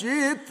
شئت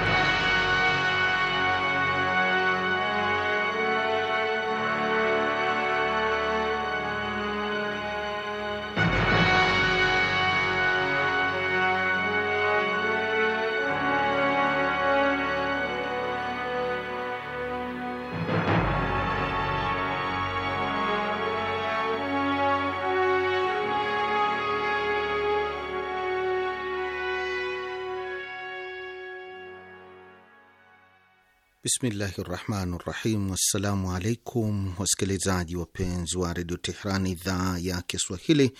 Bismillahi rahmani rahim. Wassalamu alaikum wasikilizaji wapenzi wa redio Tehran, idhaa ya Kiswahili,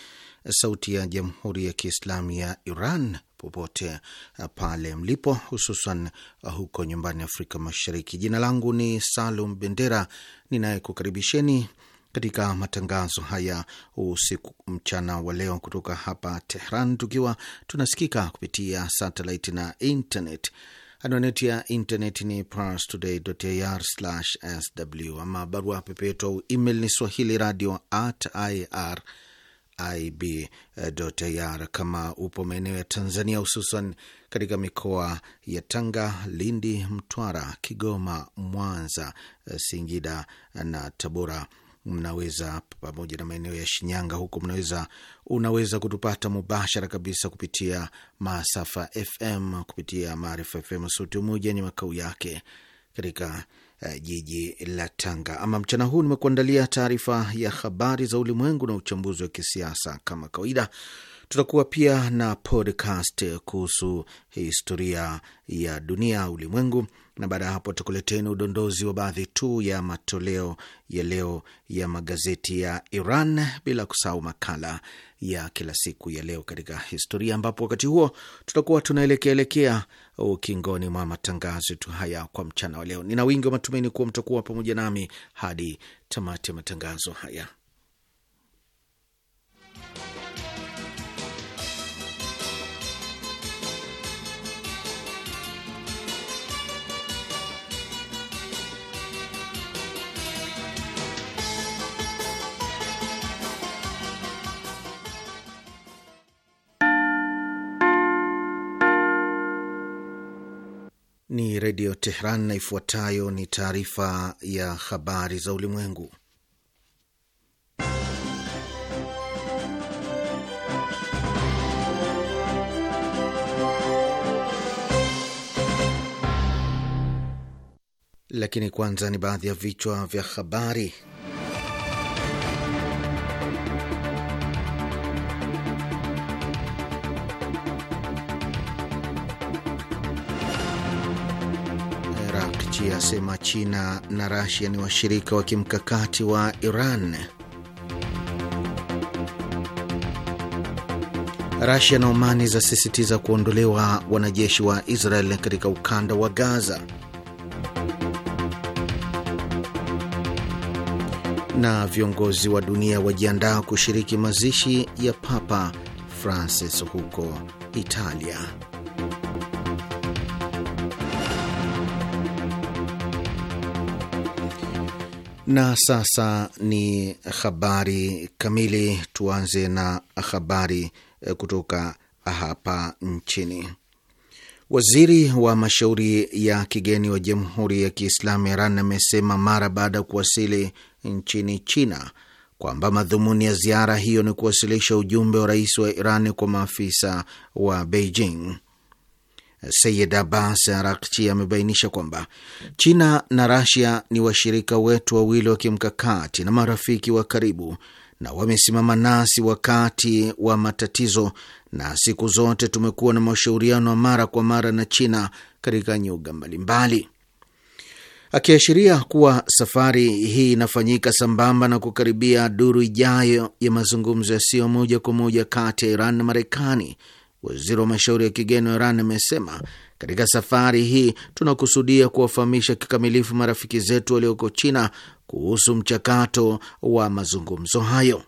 sauti ya jamhuri ya kiislamu ya Iran, popote pale mlipo, hususan huko nyumbani Afrika Mashariki. Jina langu ni Salum Bendera ninayekukaribisheni katika matangazo haya usiku mchana wa leo kutoka hapa Tehran, tukiwa tunasikika kupitia satelit na internet. Anwani ya intaneti ni parstoday.ir/sw, ama barua pepe yetu au email ni swahili radio at irib.ir. Kama upo maeneo ya Tanzania, hususan katika mikoa ya Tanga, Lindi, Mtwara, Kigoma, Mwanza, Singida na Tabora mnaweza pamoja na maeneo ya Shinyanga huko mnaweza, unaweza kutupata mubashara kabisa kupitia masafa FM kupitia Maarifa FM Sauti Umoja, ni makao yake katika uh, jiji la Tanga. Ama mchana huu nimekuandalia taarifa ya habari za ulimwengu na uchambuzi wa kisiasa kama kawaida Tutakuwa pia na podcast kuhusu historia ya dunia, ulimwengu, na baada ya hapo tukuleteni udondozi wa baadhi tu ya matoleo ya leo ya magazeti ya Iran, bila kusahau makala ya kila siku ya leo katika historia, ambapo wakati huo tutakuwa tunaelekeaelekea ukingoni mwa matangazo yetu haya kwa mchana wa leo. Nina wingi wa matumaini kuwa mtakuwa pamoja nami hadi tamati ya matangazo haya. ni Redio Tehran na ifuatayo ni taarifa ya habari za ulimwengu. Lakini kwanza ni baadhi ya vichwa vya habari. Rasia asema China na Rasia ni washirika wa kimkakati wa Iran. Rasia na Omani zasisitiza kuondolewa wanajeshi wa Israel katika ukanda wa Gaza. Na viongozi wa dunia wajiandaa kushiriki mazishi ya Papa Francis huko Italia. Na sasa ni habari kamili. Tuanze na habari eh, kutoka hapa nchini. Waziri wa mashauri ya kigeni wa Jamhuri ya Kiislamu Iran amesema mara baada ya kuwasili nchini China kwamba madhumuni ya ziara hiyo ni kuwasilisha ujumbe wa rais wa Iran kwa maafisa wa Beijing. Sayid Abbas Arakchi amebainisha kwamba China na Rasia ni washirika wetu wawili wa kimkakati na marafiki wa karibu, na wamesimama nasi wakati wa matatizo, na siku zote tumekuwa na mashauriano ya mara kwa mara na China katika nyuga mbalimbali. Akiashiria kuwa safari hii inafanyika sambamba na kukaribia duru ijayo ya mazungumzo yasiyo moja kwa moja kati ya Iran na Marekani Waziri wa mashauri ya kigeni wa Iran amesema katika safari hii tunakusudia kuwafahamisha kikamilifu marafiki zetu walioko China kuhusu mchakato wa mazungumzo hayo.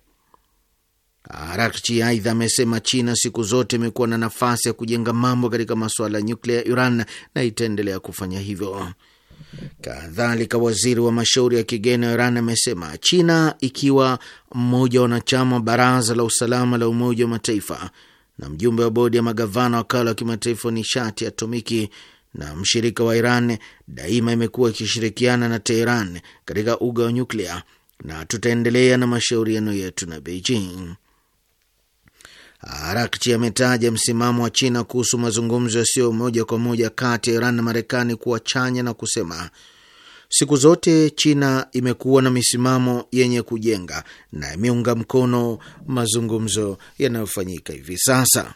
Arakchi aidha amesema China siku zote imekuwa na nafasi ya kujenga mambo katika masuala ya nyuklia ya Iran na itaendelea kufanya hivyo. Kadhalika, waziri wa mashauri ya kigeni wa Iran amesema China ikiwa mmoja wa wanachama wa baraza la usalama la Umoja wa Mataifa na mjumbe wa bodi ya magavana wakala wa kimataifa wa nishati atomiki na mshirika wa Iran daima imekuwa ikishirikiana na Teheran katika uga wa nyuklia na tutaendelea na mashauriano yetu na Beijing. Arakchi ametaja msimamo wa China kuhusu mazungumzo yasiyo moja kwa moja kati ya Iran na Marekani kuwa chanya na kusema Siku zote China imekuwa na misimamo yenye kujenga na imeunga mkono mazungumzo yanayofanyika hivi sasa.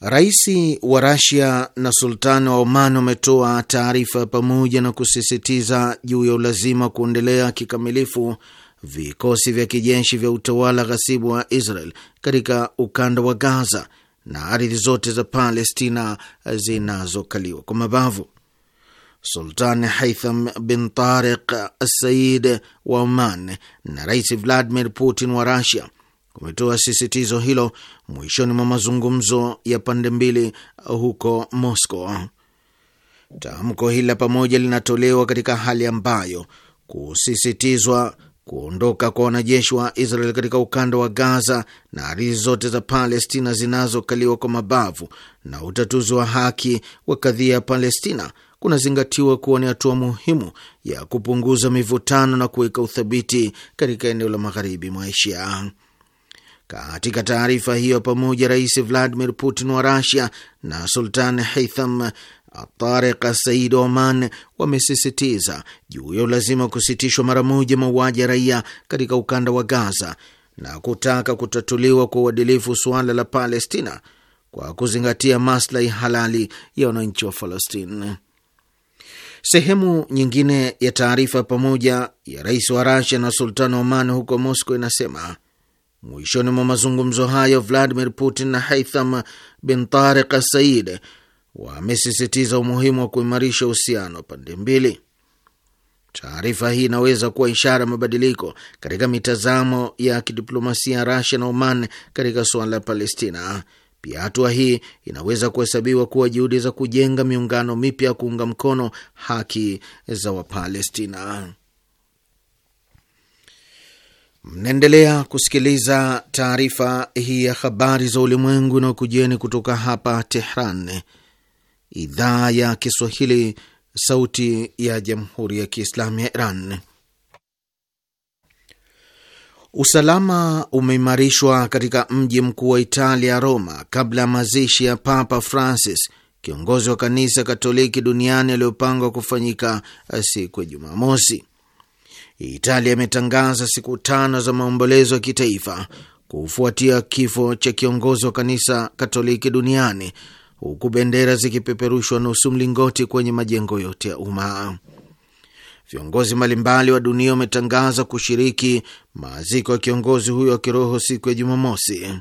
Rais wa Rasia na sultani wa Oman wametoa taarifa pamoja na kusisitiza juu ya ulazima kuendelea kikamilifu vikosi vya kijeshi vya utawala ghasibu wa Israel katika ukanda wa Gaza na ardhi zote za Palestina zinazokaliwa kwa mabavu. Sultan Haitham bin Tariq Said wa Oman na Rais Vladimir Putin wa rasia kumetoa sisitizo hilo mwishoni mwa mazungumzo ya pande mbili huko Moscow. Tamko hili la pamoja linatolewa katika hali ambayo kusisitizwa kuondoka kwa wanajeshi wa Israel katika ukanda wa Gaza na ardhi zote za Palestina zinazokaliwa kwa mabavu na utatuzi wa haki wa kadhia ya Palestina kunazingatiwa kuwa ni hatua muhimu ya kupunguza mivutano na kuweka uthabiti katika eneo la magharibi mwa Asia. Katika taarifa hiyo pamoja, Rais Vladimir Putin wa Rasia na Sultan Haitham Tariq Said Oman wamesisitiza juu ya ulazima kusitishwa mara moja mauaji ya raia katika ukanda wa Gaza na kutaka kutatuliwa kwa uadilifu suala la Palestina kwa kuzingatia maslahi halali ya wananchi wa Palestina. Sehemu nyingine ya taarifa pamoja ya rais wa Rasia na sultani wa Oman huko Moscow inasema mwishoni mwa mazungumzo hayo Vladimir Putin na Haitham bin Tarik Said wamesisitiza umuhimu wa kuimarisha uhusiano wa pande mbili. Taarifa hii inaweza kuwa ishara ya mabadiliko katika mitazamo ya kidiplomasia ya Rasia na Oman katika suala la Palestina. Pia hatua hii inaweza kuhesabiwa kuwa juhudi za kujenga miungano mipya ya kuunga mkono haki za Wapalestina. Mnaendelea kusikiliza taarifa hii ya habari za ulimwengu na kutoka hapa Tehran, idhaa ya Kiswahili, sauti ya jamhuri ya kiislamu ya Iran. Usalama umeimarishwa katika mji mkuu wa Italia, Roma, kabla ya mazishi ya Papa Francis, kiongozi wa kanisa Katoliki duniani aliyopangwa kufanyika eh, siku ya Jumamosi. Italia imetangaza siku tano za maombolezo ya kitaifa kufuatia kifo cha kiongozi wa kanisa Katoliki duniani, huku bendera zikipeperushwa nusu mlingoti kwenye majengo yote ya umma. Viongozi mbalimbali wa dunia wametangaza kushiriki maaziko ya kiongozi huyo wa kiroho siku ya Jumamosi.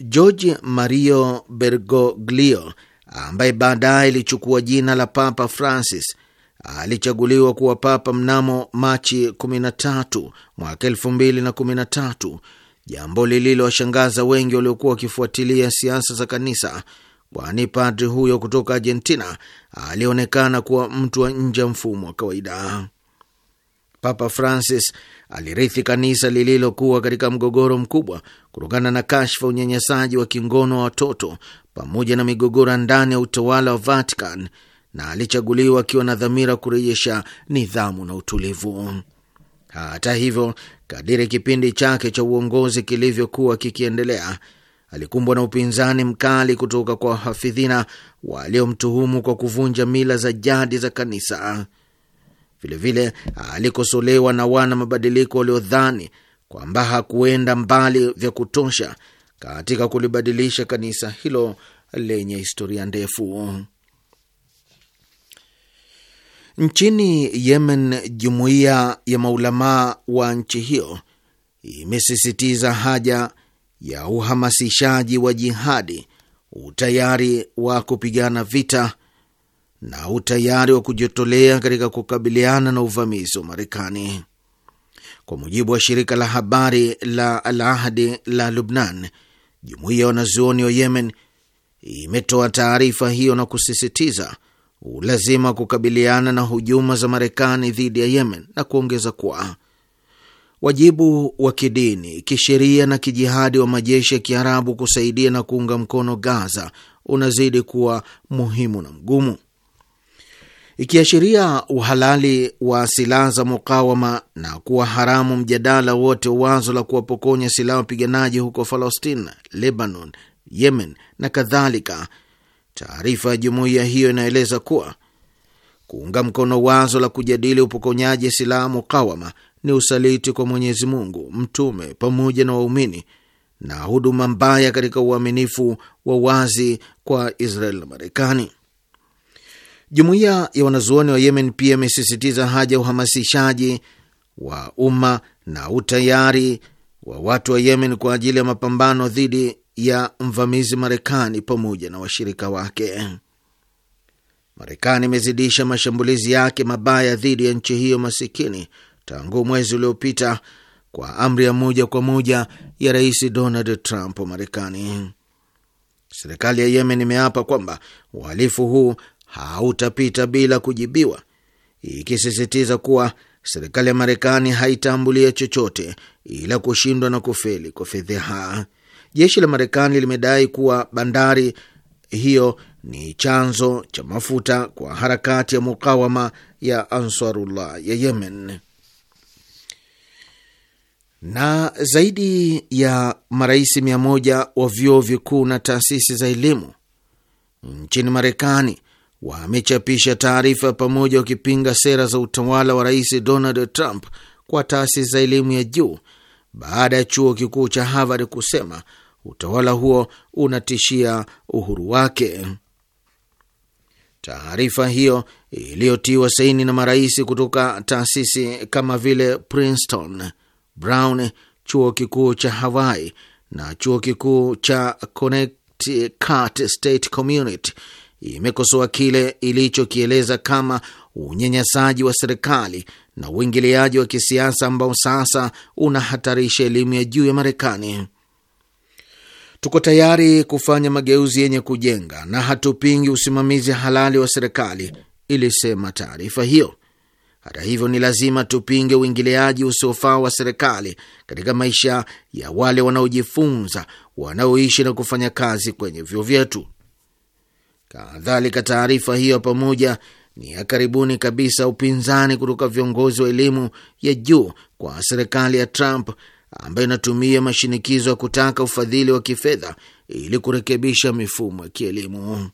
George Mario Bergoglio ambaye baadaye ilichukua jina la Papa Francis alichaguliwa kuwa papa mnamo Machi 13 mwaka 2013, jambo lililowashangaza wengi waliokuwa wakifuatilia siasa za kanisa kwani padri huyo kutoka Argentina alionekana kuwa mtu wa nje ya mfumo wa kawaida. Papa Francis alirithi kanisa lililokuwa katika mgogoro mkubwa kutokana na kashfa, unyanyasaji wa kingono wa watoto pamoja na migogoro ndani ya utawala wa Vatican, na alichaguliwa akiwa na dhamira kurejesha nidhamu na utulivu. Hata hivyo, kadiri kipindi chake cha uongozi kilivyokuwa kikiendelea alikumbwa na upinzani mkali kutoka kwa wahafidhina waliomtuhumu kwa kuvunja mila za jadi za kanisa. Vilevile alikosolewa na wana mabadiliko waliodhani kwamba hakuenda mbali vya kutosha katika kulibadilisha kanisa hilo lenye historia ndefu. Nchini Yemen, jumuiya ya maulamaa wa nchi hiyo imesisitiza haja ya uhamasishaji wa jihadi, utayari wa kupigana vita na utayari wa kujitolea katika kukabiliana na uvamizi wa Marekani. Kwa mujibu wa shirika la habari la Al Ahdi la Lubnan, jumuiya ya wanazuoni wa Yemen imetoa taarifa hiyo na kusisitiza ulazima wa kukabiliana na hujuma za Marekani dhidi ya Yemen na kuongeza kuwa wajibu wa kidini, kisheria na kijihadi wa majeshi ya Kiarabu kusaidia na kuunga mkono Gaza unazidi kuwa muhimu na mgumu, ikiashiria uhalali wa silaha za mukawama na kuwa haramu mjadala wote wazo la kuwapokonya silaha wapiganaji huko Palestina, Lebanon, Yemen na kadhalika. Taarifa ya jumuiya hiyo inaeleza kuwa kuunga mkono wazo la kujadili upokonyaji silaha mukawama ni usaliti kwa Mwenyezi Mungu, mtume pamoja na waumini na huduma mbaya katika uaminifu wa wazi kwa Israel na Marekani. Jumuiya ya wanazuoni wa Yemen pia imesisitiza haja ya uhamasishaji wa umma na utayari wa watu wa Yemen kwa ajili ya mapambano dhidi ya mvamizi Marekani pamoja na washirika wake. Marekani imezidisha mashambulizi yake mabaya dhidi ya nchi hiyo masikini tangu mwezi uliopita kwa amri ya moja kwa moja ya Rais Donald Trump wa Marekani. Serikali ya Yemen imeapa kwamba uhalifu huu hautapita bila kujibiwa, ikisisitiza kuwa serikali ya Marekani haitambulia chochote ila kushindwa na kufeli kwa fedheha. Jeshi la Marekani limedai kuwa bandari hiyo ni chanzo cha mafuta kwa harakati ya mukawama ya Ansarullah ya Yemen na zaidi ya marais mia moja wa vyuo vikuu na taasisi za elimu nchini Marekani wamechapisha taarifa pamoja wakipinga sera za utawala wa Rais Donald Trump kwa taasisi za elimu ya juu baada ya chuo kikuu cha Harvard kusema utawala huo unatishia uhuru wake. Taarifa hiyo iliyotiwa saini na marais kutoka taasisi kama vile Princeton Brown, chuo kikuu cha Hawaii na chuo kikuu cha Connecticut State Community imekosoa kile ilichokieleza kama unyanyasaji wa serikali na uingiliaji wa kisiasa ambao sasa unahatarisha elimu ya juu ya Marekani. Tuko tayari kufanya mageuzi yenye kujenga na hatupingi usimamizi halali wa serikali, ilisema taarifa hiyo. Hata hivyo, ni lazima tupinge uingiliaji usiofaa wa serikali katika maisha ya wale wanaojifunza, wanaoishi na kufanya kazi kwenye vyuo vyetu. Kadhalika, taarifa hiyo pamoja ni ya karibuni kabisa upinzani kutoka viongozi wa elimu ya juu kwa serikali ya Trump ambayo inatumia mashinikizo ya kutaka ufadhili wa kifedha ili kurekebisha mifumo ya kielimu.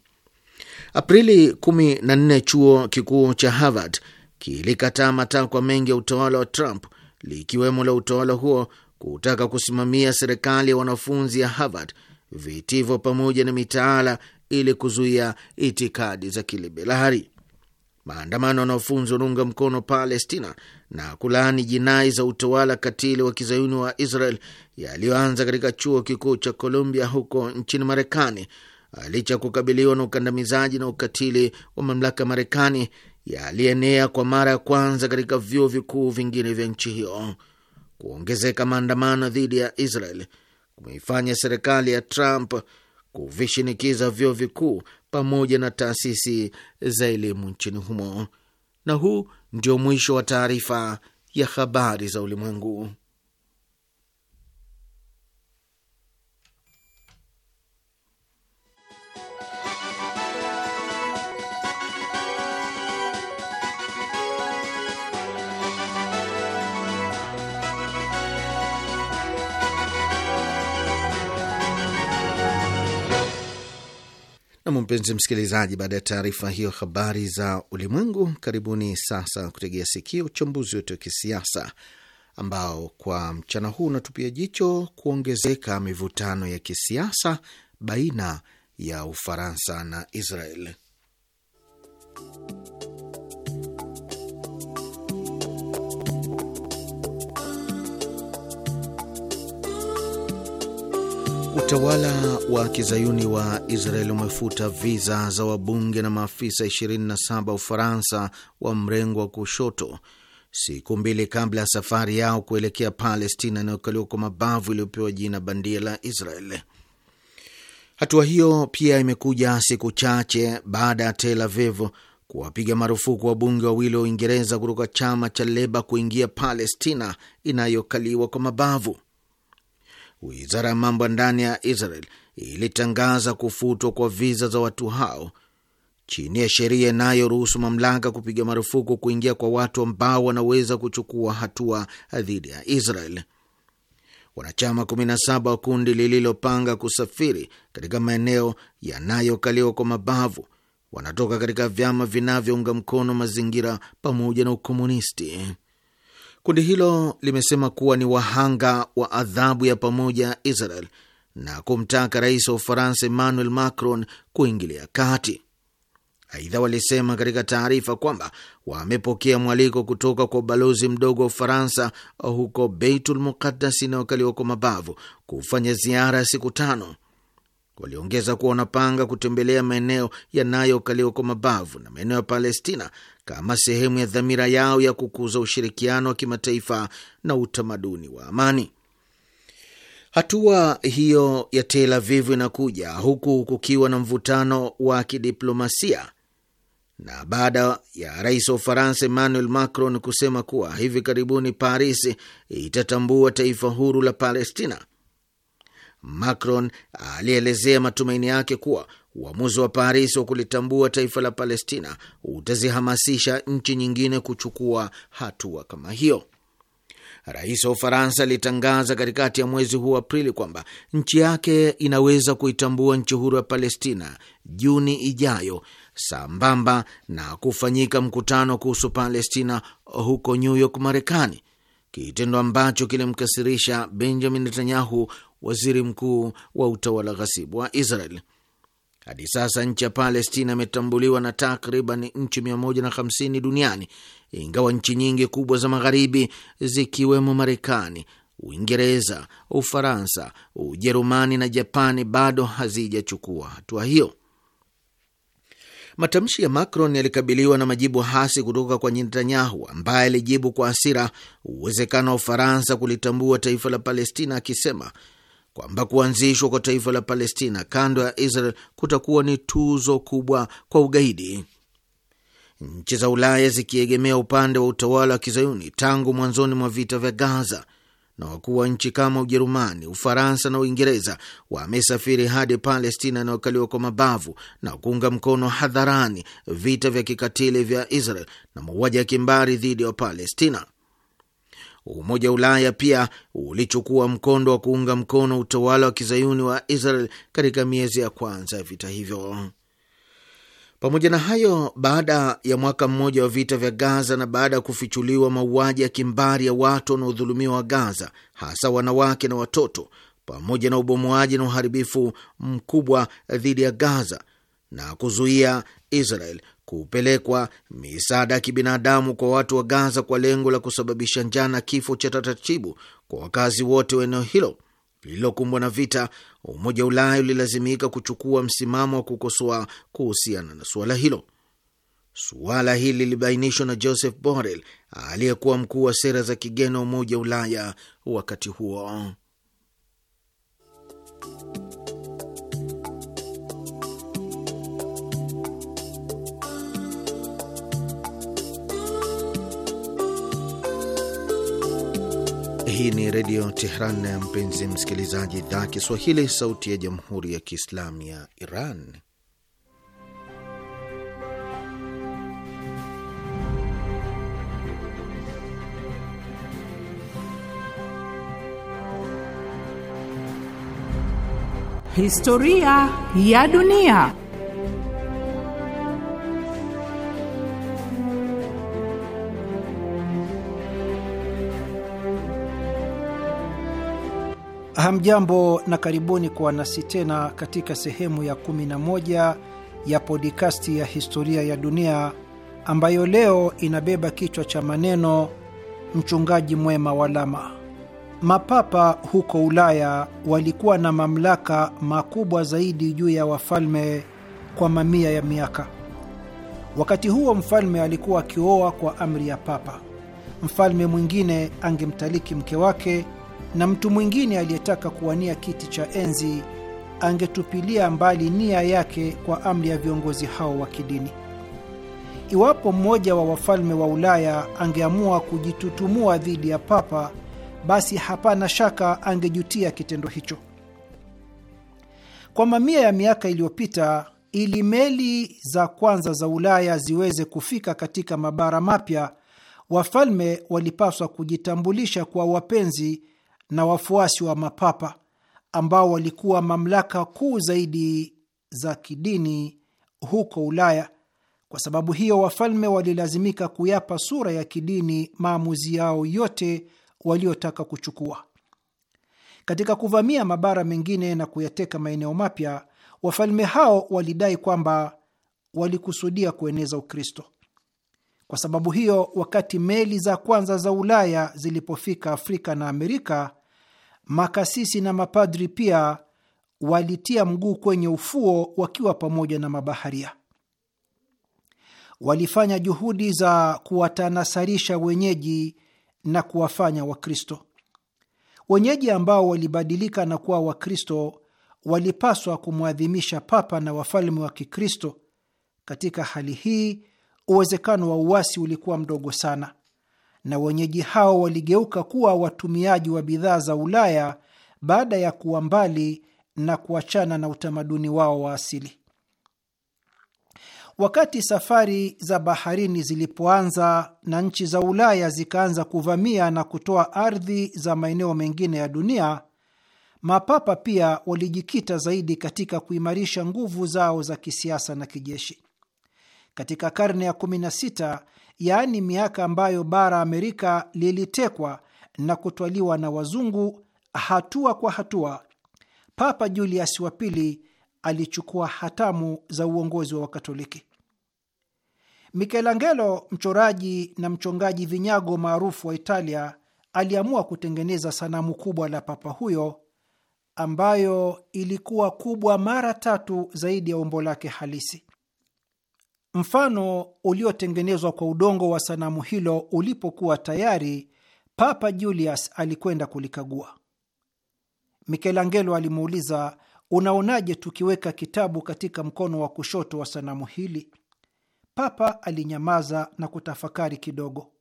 Aprili 14 chuo kikuu cha Harvard kilikataa matakwa mengi ya utawala wa Trump likiwemo la utawala huo kutaka kusimamia serikali ya wanafunzi ya Harvard, vitivo pamoja na mitaala ili kuzuia itikadi za kiliberali. Maandamano wanafunzi wanaunga mkono Palestina na kulaani jinai za utawala katili wa kizayuni wa Israel yaliyoanza katika chuo kikuu cha Columbia huko nchini Marekani, licha kukabiliwa na ukandamizaji na ukatili wa mamlaka Marekani yalienea kwa mara ya kwanza katika vyuo vikuu vingine vya nchi hiyo. Kuongezeka maandamano dhidi ya Israel kumeifanya serikali ya Trump kuvishinikiza vyuo vikuu pamoja na taasisi za elimu nchini humo. Na huu ndio mwisho wa taarifa ya habari za ulimwengu. Nam, mpenzi msikilizaji, baada ya taarifa hiyo habari za ulimwengu, karibuni sasa kutegea sikio uchambuzi wetu wa kisiasa ambao kwa mchana huu unatupia jicho kuongezeka mivutano ya kisiasa baina ya Ufaransa na Israel. Utawala wa kizayuni wa israel umefuta viza za wabunge na maafisa 27 Ufaransa wa mrengo wa kushoto siku mbili kabla ya safari yao kuelekea Palestina inayokaliwa kwa mabavu iliyopewa jina bandia la Israel. Hatua hiyo pia imekuja siku chache baada ya Tel Aviv kuwapiga marufuku wabunge wawili wa Uingereza kutoka chama cha Leba kuingia Palestina inayokaliwa kwa mabavu wizara ya mambo ya ndani ya Israel ilitangaza kufutwa kwa viza za watu hao chini ya sheria inayoruhusu mamlaka kupiga marufuku kuingia kwa watu ambao wanaweza kuchukua hatua dhidi ya Israel. Wanachama 17 wa kundi lililopanga kusafiri katika maeneo yanayokaliwa kwa mabavu wanatoka katika vyama vinavyounga mkono mazingira pamoja na ukomunisti. Kundi hilo limesema kuwa ni wahanga wa adhabu ya pamoja Israel na kumtaka rais wa Ufaransa Emmanuel Macron kuingilia kati. Aidha, walisema katika taarifa kwamba wamepokea mwaliko kutoka kwa ubalozi mdogo wa Ufaransa huko Beitul Muqaddas inayokaliwa kwa mabavu kufanya ziara ya siku tano. Waliongeza kuwa wanapanga kutembelea maeneo yanayokaliwa kwa mabavu na maeneo ya Palestina kama sehemu ya dhamira yao ya kukuza ushirikiano wa kimataifa na utamaduni wa amani. Hatua hiyo ya Tel Aviv inakuja huku kukiwa na mvutano wa kidiplomasia na baada ya rais wa Ufaransa Emmanuel Macron kusema kuwa hivi karibuni Paris itatambua taifa huru la Palestina Macron alielezea matumaini yake kuwa uamuzi wa Paris wa kulitambua taifa la Palestina utazihamasisha nchi nyingine kuchukua hatua kama hiyo. Rais wa Ufaransa alitangaza katikati ya mwezi huu Aprili kwamba nchi yake inaweza kuitambua nchi huru ya Palestina Juni ijayo, sambamba na kufanyika mkutano kuhusu Palestina huko New York, Marekani, kitendo ambacho kilimkasirisha Benjamin Netanyahu, waziri mkuu wa utawala ghasibu wa Israel. Hadi sasa nchi ya Palestina imetambuliwa na takriban nchi 150 duniani, ingawa nchi nyingi kubwa za Magharibi zikiwemo Marekani, Uingereza, Ufaransa, Ujerumani na Japani bado hazijachukua hatua hiyo. Matamshi ya Macron yalikabiliwa na majibu hasi kutoka kwa Netanyahu, ambaye alijibu kwa hasira uwezekano wa Ufaransa kulitambua taifa la Palestina akisema kwamba kuanzishwa kwa taifa la Palestina kando ya Israel kutakuwa ni tuzo kubwa kwa ugaidi. Nchi za Ulaya zikiegemea upande wa utawala wa kizayuni tangu mwanzoni mwa vita vya Gaza, na wakuu wa nchi kama Ujerumani, Ufaransa na Uingereza wamesafiri hadi Palestina inayokaliwa kwa mabavu na kuunga mkono hadharani vita vya kikatili vya Israel na mauaji ya kimbari dhidi ya Palestina. Umoja wa Ulaya pia ulichukua mkondo wa kuunga mkono utawala wa kizayuni wa Israel katika miezi ya kwanza ya vita hivyo. Pamoja na hayo, baada ya mwaka mmoja wa vita vya Gaza na baada ya kufichuliwa mauaji ya kimbari ya watu wanaodhulumiwa wa Gaza, hasa wanawake na watoto, pamoja na ubomoaji na uharibifu mkubwa dhidi ya Gaza na kuzuia Israel kupelekwa misaada ya kibinadamu kwa watu wa Gaza kwa lengo la kusababisha njaa na kifo cha taratibu kwa wakazi wote wa eneo hilo lililokumbwa na vita, Umoja wa Ulaya ulilazimika kuchukua msimamo wa kukosoa kuhusiana na suala hilo. Suala hili lilibainishwa na Joseph Borrell aliyekuwa mkuu wa sera za kigeni wa Umoja wa Ulaya wakati huo. Hii ni Redio Tehran ya mpenzi msikilizaji, idhaa Kiswahili, sauti ya Jamhuri ya Kiislamu ya Iran. Historia ya dunia. Hamjambo na karibuni kuwa nasi tena katika sehemu ya 11 ya podikasti ya historia ya dunia ambayo leo inabeba kichwa cha maneno mchungaji mwema wa lama. Mapapa huko Ulaya walikuwa na mamlaka makubwa zaidi juu ya wafalme kwa mamia ya miaka. Wakati huo mfalme alikuwa akioa kwa amri ya papa. Mfalme mwingine angemtaliki mke wake na mtu mwingine aliyetaka kuwania kiti cha enzi angetupilia mbali nia yake kwa amri ya viongozi hao wa kidini. Iwapo mmoja wa wafalme wa Ulaya angeamua kujitutumua dhidi ya papa, basi hapana shaka angejutia kitendo hicho. Kwa mamia ya miaka iliyopita, ili meli za kwanza za Ulaya ziweze kufika katika mabara mapya, wafalme walipaswa kujitambulisha kwa wapenzi na wafuasi wa mapapa ambao walikuwa mamlaka kuu zaidi za kidini huko Ulaya. Kwa sababu hiyo, wafalme walilazimika kuyapa sura ya kidini maamuzi yao yote waliotaka kuchukua. Katika kuvamia mabara mengine na kuyateka maeneo mapya, wafalme hao walidai kwamba walikusudia kueneza Ukristo. Kwa sababu hiyo, wakati meli za kwanza za Ulaya zilipofika Afrika na Amerika, makasisi na mapadri pia walitia mguu kwenye ufuo wakiwa pamoja na mabaharia. Walifanya juhudi za kuwatanasarisha wenyeji na kuwafanya Wakristo. Wenyeji ambao walibadilika na kuwa Wakristo walipaswa kumwadhimisha papa na wafalme wa Kikristo. Katika hali hii, uwezekano wa uasi ulikuwa mdogo sana na wenyeji hao waligeuka kuwa watumiaji wa bidhaa za Ulaya baada ya kuwa mbali na kuachana na utamaduni wao wa asili. Wakati safari za baharini zilipoanza na nchi za Ulaya zikaanza kuvamia na kutoa ardhi za maeneo mengine ya dunia, mapapa pia walijikita zaidi katika kuimarisha nguvu zao za kisiasa na kijeshi. Katika karne ya yaani miaka ambayo bara Amerika lilitekwa na kutwaliwa na wazungu hatua kwa hatua, Papa Julius wa pili alichukua hatamu za uongozi wa Wakatoliki. Michelangelo, mchoraji na mchongaji vinyago maarufu wa Italia, aliamua kutengeneza sanamu kubwa la papa huyo ambayo ilikuwa kubwa mara tatu zaidi ya umbo lake halisi. Mfano uliotengenezwa kwa udongo wa sanamu hilo ulipokuwa tayari, Papa Julius alikwenda kulikagua. Mikelangelo alimuuliza, unaonaje tukiweka kitabu katika mkono wa kushoto wa sanamu hili? Papa alinyamaza na kutafakari kidogo,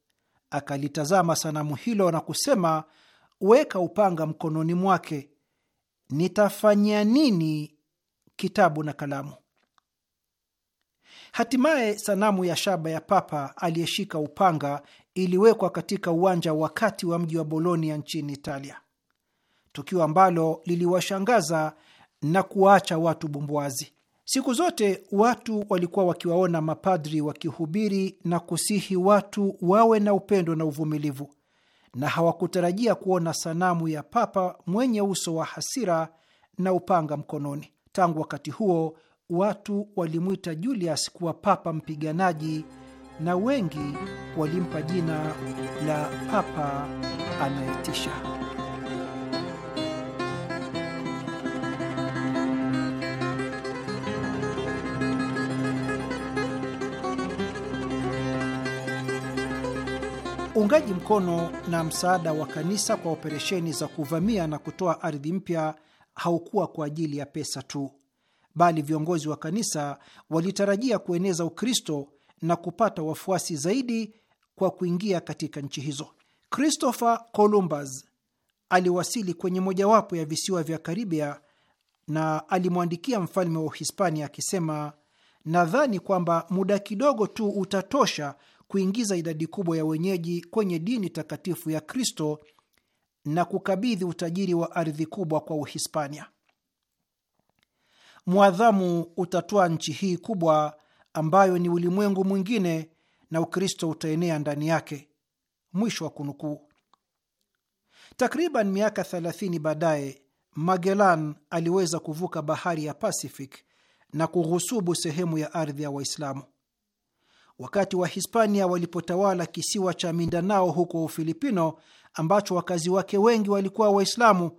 akalitazama sanamu hilo na kusema, weka upanga mkononi mwake, nitafanyia nini kitabu na kalamu? Hatimaye sanamu ya shaba ya papa aliyeshika upanga iliwekwa katika uwanja wa kati wa mji wa Bolonia nchini Italia, tukio ambalo liliwashangaza na kuwaacha watu bumbwazi. Siku zote watu walikuwa wakiwaona mapadri wakihubiri na kusihi watu wawe na upendo na uvumilivu, na hawakutarajia kuona sanamu ya papa mwenye uso wa hasira na upanga mkononi. Tangu wakati huo watu walimwita Julius kuwa papa mpiganaji na wengi walimpa jina la papa anaitisha. Uungaji mkono na msaada wa kanisa kwa operesheni za kuvamia na kutoa ardhi mpya haukuwa kwa ajili ya pesa tu, bali viongozi wa kanisa walitarajia kueneza Ukristo na kupata wafuasi zaidi kwa kuingia katika nchi hizo. Christopher Columbus aliwasili kwenye mojawapo ya visiwa vya Karibia na alimwandikia mfalme wa Uhispania akisema, nadhani kwamba muda kidogo tu utatosha kuingiza idadi kubwa ya wenyeji kwenye dini takatifu ya Kristo na kukabidhi utajiri wa ardhi kubwa kwa Uhispania mwadhamu utatoa nchi hii kubwa ambayo ni ulimwengu mwingine na Ukristo utaenea ndani yake. Mwisho wa kunukuu. Takriban miaka 30 baadaye Magellan aliweza kuvuka bahari ya Pacific na kughusubu sehemu ya ardhi ya Waislamu. Wakati wa Hispania walipotawala kisiwa cha Mindanao huko Ufilipino, ambacho wakazi wake wengi walikuwa Waislamu,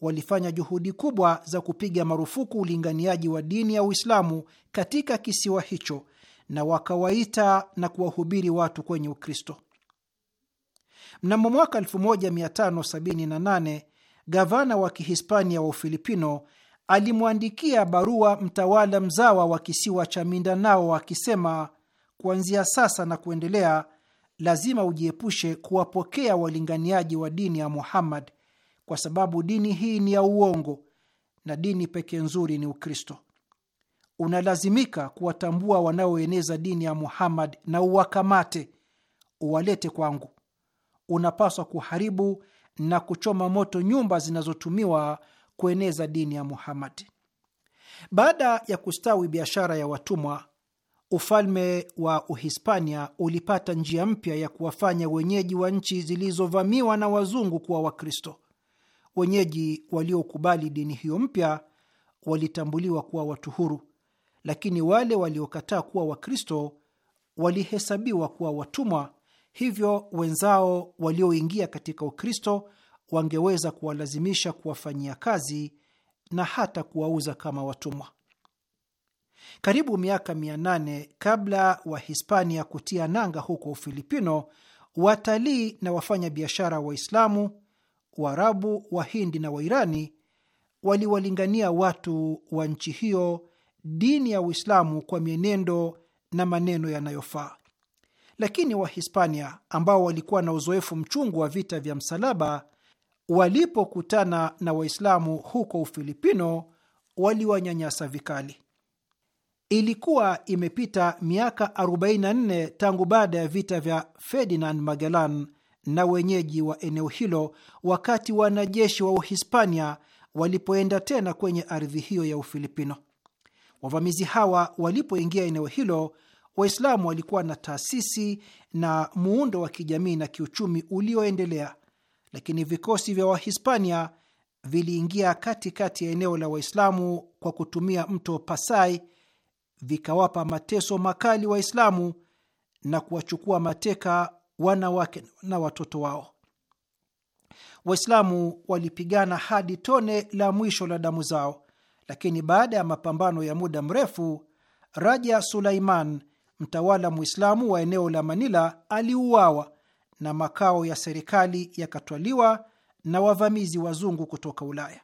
walifanya juhudi kubwa za kupiga marufuku ulinganiaji wa dini ya Uislamu katika kisiwa hicho na wakawaita na kuwahubiri watu kwenye Ukristo. Mnamo mwaka 1578 gavana wa Kihispania wa Ufilipino alimwandikia barua mtawala mzawa wa kisiwa cha Mindanao akisema, kuanzia sasa na kuendelea, lazima ujiepushe kuwapokea walinganiaji wa dini ya Muhammad kwa sababu dini hii ni ya uongo na dini pekee nzuri ni Ukristo. Unalazimika kuwatambua wanaoeneza dini ya Muhammad na uwakamate, uwalete kwangu. Unapaswa kuharibu na kuchoma moto nyumba zinazotumiwa kueneza dini ya Muhammad. Baada ya kustawi biashara ya watumwa, ufalme wa Uhispania ulipata njia mpya ya kuwafanya wenyeji wa nchi zilizovamiwa na wazungu kuwa Wakristo. Wenyeji waliokubali dini hiyo mpya walitambuliwa kuwa watu huru, lakini wale waliokataa kuwa Wakristo walihesabiwa kuwa watumwa. Hivyo wenzao walioingia katika Ukristo wangeweza kuwalazimisha kuwafanyia kazi na hata kuwauza kama watumwa. Karibu miaka mia nane kabla Wahispania kutia nanga huko Ufilipino, watalii na wafanya biashara Waislamu Waarabu, Wahindi na Wairani waliwalingania watu wa nchi hiyo dini ya Uislamu kwa mienendo na maneno yanayofaa. Lakini Wahispania ambao walikuwa na uzoefu mchungu wa vita vya msalaba, walipokutana na Waislamu huko Ufilipino waliwanyanyasa vikali. Ilikuwa imepita miaka 44 tangu baada ya vita vya Ferdinand Magellan na wenyeji wa eneo hilo wakati wanajeshi wa Uhispania walipoenda tena kwenye ardhi hiyo ya Ufilipino. Wavamizi hawa walipoingia eneo hilo, Waislamu walikuwa na taasisi na muundo wa kijamii na kiuchumi ulioendelea, lakini vikosi vya Wahispania viliingia katikati ya eneo la Waislamu kwa kutumia mto Pasai, vikawapa mateso makali Waislamu na kuwachukua mateka wanawake na watoto wao. Waislamu walipigana hadi tone la mwisho la damu zao, lakini baada ya mapambano ya muda mrefu, Raja Sulaiman, mtawala Mwislamu wa eneo la Manila, aliuawa na makao ya serikali yakatwaliwa na wavamizi wazungu kutoka Ulaya.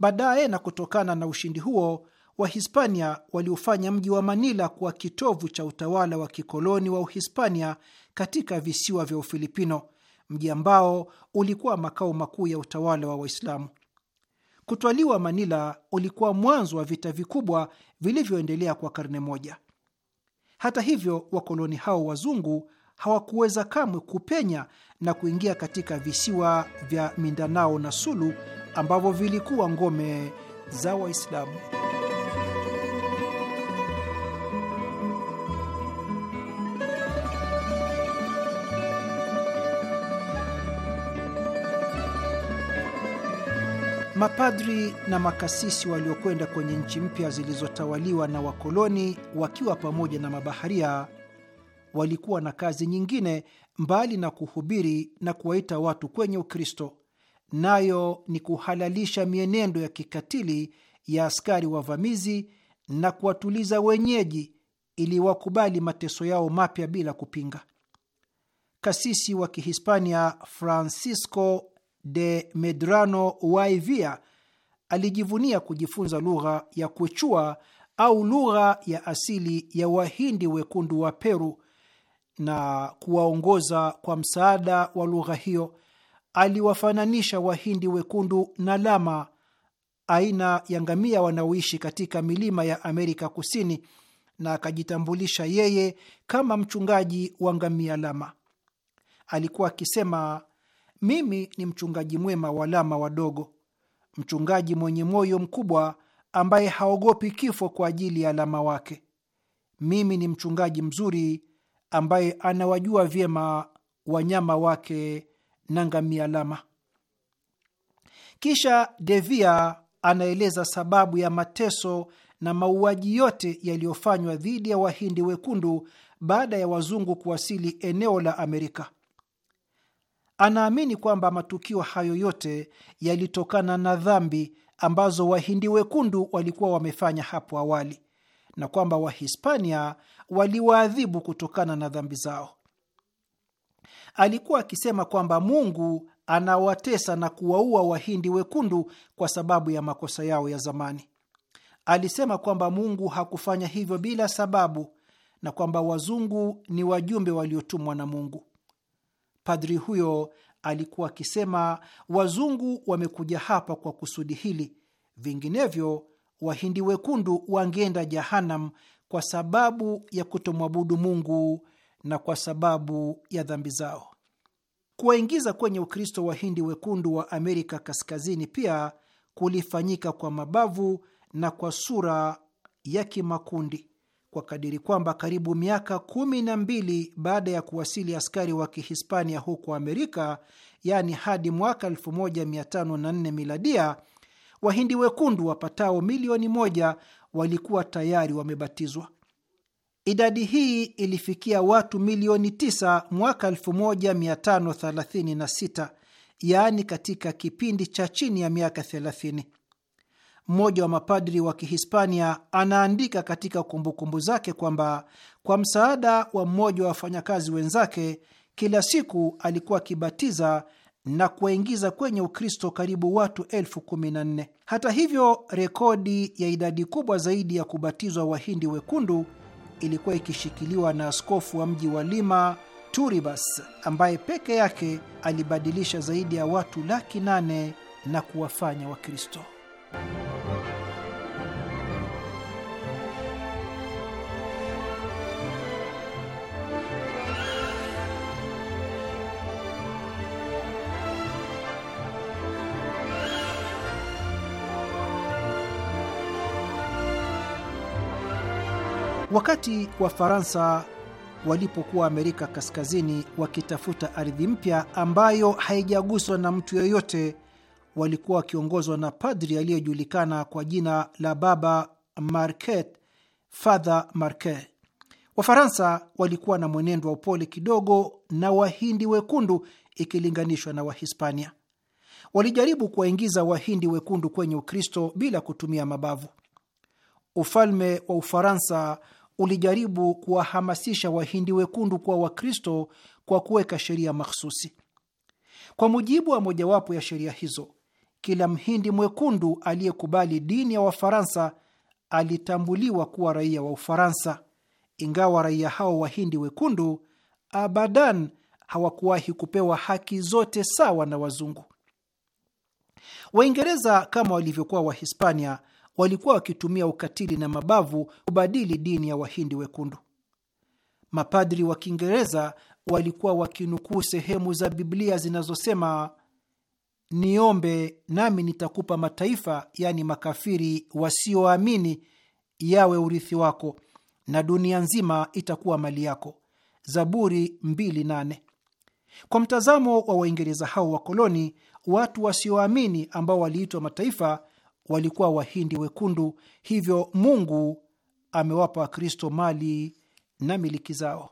Baadaye, na kutokana na ushindi huo, Wahispania waliufanya mji wa Manila kuwa kitovu cha utawala wa kikoloni wa Uhispania katika visiwa vya Ufilipino, mji ambao ulikuwa makao makuu ya utawala wa Waislamu. Kutwaliwa Manila ulikuwa mwanzo wa vita vikubwa vilivyoendelea kwa karne moja. Hata hivyo, wakoloni hao wazungu hawakuweza kamwe kupenya na kuingia katika visiwa vya Mindanao na Sulu ambavyo vilikuwa ngome za Waislamu. Mapadri na makasisi waliokwenda kwenye nchi mpya zilizotawaliwa na wakoloni wakiwa pamoja na mabaharia walikuwa na kazi nyingine mbali na kuhubiri na kuwaita watu kwenye Ukristo, nayo ni kuhalalisha mienendo ya kikatili ya askari wavamizi na kuwatuliza wenyeji ili wakubali mateso yao mapya bila kupinga. Kasisi wa Kihispania Francisco de Medrano Waivia alijivunia kujifunza lugha ya kwechua au lugha ya asili ya Wahindi wekundu wa Peru na kuwaongoza kwa msaada wa lugha hiyo. Aliwafananisha Wahindi wekundu na lama, aina ya ngamia wanaoishi katika milima ya Amerika Kusini, na akajitambulisha yeye kama mchungaji wa ngamia lama. Alikuwa akisema mimi ni mchungaji mwema wa lama wadogo, mchungaji mwenye moyo mkubwa ambaye haogopi kifo kwa ajili ya lama wake. Mimi ni mchungaji mzuri ambaye anawajua vyema wanyama wake na ngamia lama. Kisha Devia anaeleza sababu ya mateso na mauaji yote yaliyofanywa dhidi ya Wahindi wekundu baada ya wazungu kuwasili eneo la Amerika. Anaamini kwamba matukio hayo yote yalitokana na dhambi ambazo Wahindi wekundu walikuwa wamefanya hapo awali na kwamba Wahispania waliwaadhibu kutokana na dhambi zao. Alikuwa akisema kwamba Mungu anawatesa na kuwaua Wahindi wekundu kwa sababu ya makosa yao ya zamani. Alisema kwamba Mungu hakufanya hivyo bila sababu na kwamba wazungu ni wajumbe waliotumwa na Mungu. Padri huyo alikuwa akisema, wazungu wamekuja hapa kwa kusudi hili, vinginevyo wahindi wekundu wangeenda Jahanam kwa sababu ya kutomwabudu Mungu na kwa sababu ya dhambi zao. Kuwaingiza kwenye Ukristo wahindi wekundu wa Amerika Kaskazini pia kulifanyika kwa mabavu na kwa sura ya kimakundi kwa kadiri kwamba karibu miaka kumi na mbili baada ya kuwasili askari wa Kihispania huko Amerika, yaani hadi mwaka 1504 miladia, Wahindi wekundu wapatao milioni moja walikuwa tayari wamebatizwa. Idadi hii ilifikia watu milioni tisa mwaka 1536, yaani katika kipindi cha chini ya miaka 30 mmoja wa mapadri wa Kihispania anaandika katika kumbukumbu kumbu zake kwamba kwa msaada wa mmoja wa wafanyakazi wenzake, kila siku alikuwa akibatiza na kuwaingiza kwenye Ukristo karibu watu elfu kumi na nne. Hata hivyo, rekodi ya idadi kubwa zaidi ya kubatizwa Wahindi wekundu ilikuwa ikishikiliwa na askofu wa mji wa Lima Turibas, ambaye peke yake alibadilisha zaidi ya watu laki nane na kuwafanya Wakristo. Wakati Wafaransa walipokuwa Amerika Kaskazini wakitafuta ardhi mpya ambayo haijaguswa na mtu yoyote, walikuwa wakiongozwa na padri aliyejulikana kwa jina la Baba Marquet, Father Marquet. Wafaransa walikuwa na mwenendo wa upole kidogo na Wahindi wekundu ikilinganishwa na Wahispania. Walijaribu kuwaingiza Wahindi wekundu kwenye Ukristo bila kutumia mabavu. Ufalme wa Ufaransa ulijaribu kuwahamasisha Wahindi wekundu kuwa Wakristo kwa kuweka sheria mahsusi. Kwa mujibu wa mojawapo ya sheria hizo, kila Mhindi mwekundu aliyekubali dini ya Wafaransa alitambuliwa kuwa raia wa Ufaransa, ingawa raia hao Wahindi wekundu abadan hawakuwahi kupewa haki zote sawa na wazungu. Waingereza kama walivyokuwa Wahispania walikuwa wakitumia ukatili na mabavu kubadili dini ya Wahindi wekundu. Mapadri wa Kiingereza walikuwa wakinukuu sehemu za Biblia zinazosema, niombe nami nitakupa mataifa, yaani makafiri wasioamini, yawe urithi wako na dunia nzima itakuwa mali yako. Zaburi 2:8. Kwa mtazamo wa Waingereza hao wakoloni, watu wasioamini ambao waliitwa mataifa walikuwa Wahindi wekundu, hivyo Mungu amewapa Wakristo mali na miliki zao.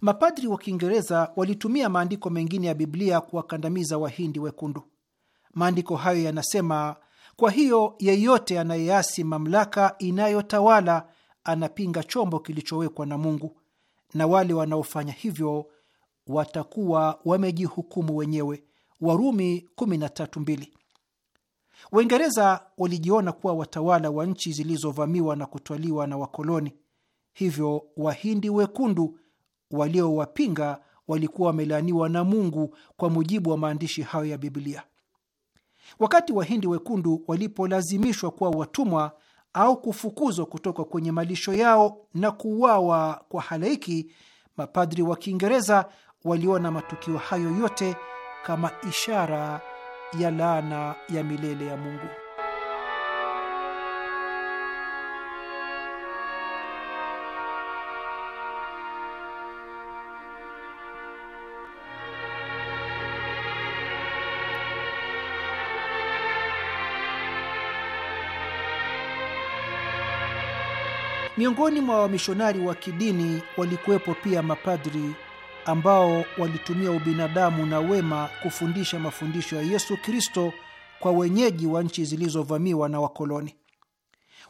Mapadri wa Kiingereza walitumia maandiko mengine ya Biblia kuwakandamiza Wahindi wekundu. Maandiko hayo yanasema, kwa hiyo yeyote anayeasi mamlaka inayotawala anapinga chombo kilichowekwa na Mungu, na wale wanaofanya hivyo watakuwa wamejihukumu wenyewe. Warumi 13:2. Waingereza walijiona kuwa watawala wa nchi zilizovamiwa na kutwaliwa na wakoloni, hivyo Wahindi wekundu waliowapinga walikuwa wamelaaniwa na Mungu kwa mujibu wa maandishi hayo ya Biblia. Wakati Wahindi wekundu walipolazimishwa kuwa watumwa au kufukuzwa kutoka kwenye malisho yao na kuuawa kwa halaiki, mapadri wa Kiingereza waliona matukio hayo yote kama ishara ya laana ya milele ya Mungu. Miongoni mwa wamishonari wa kidini walikuwepo pia mapadri ambao walitumia ubinadamu na wema kufundisha mafundisho ya Yesu Kristo kwa wenyeji wa nchi zilizovamiwa na wakoloni.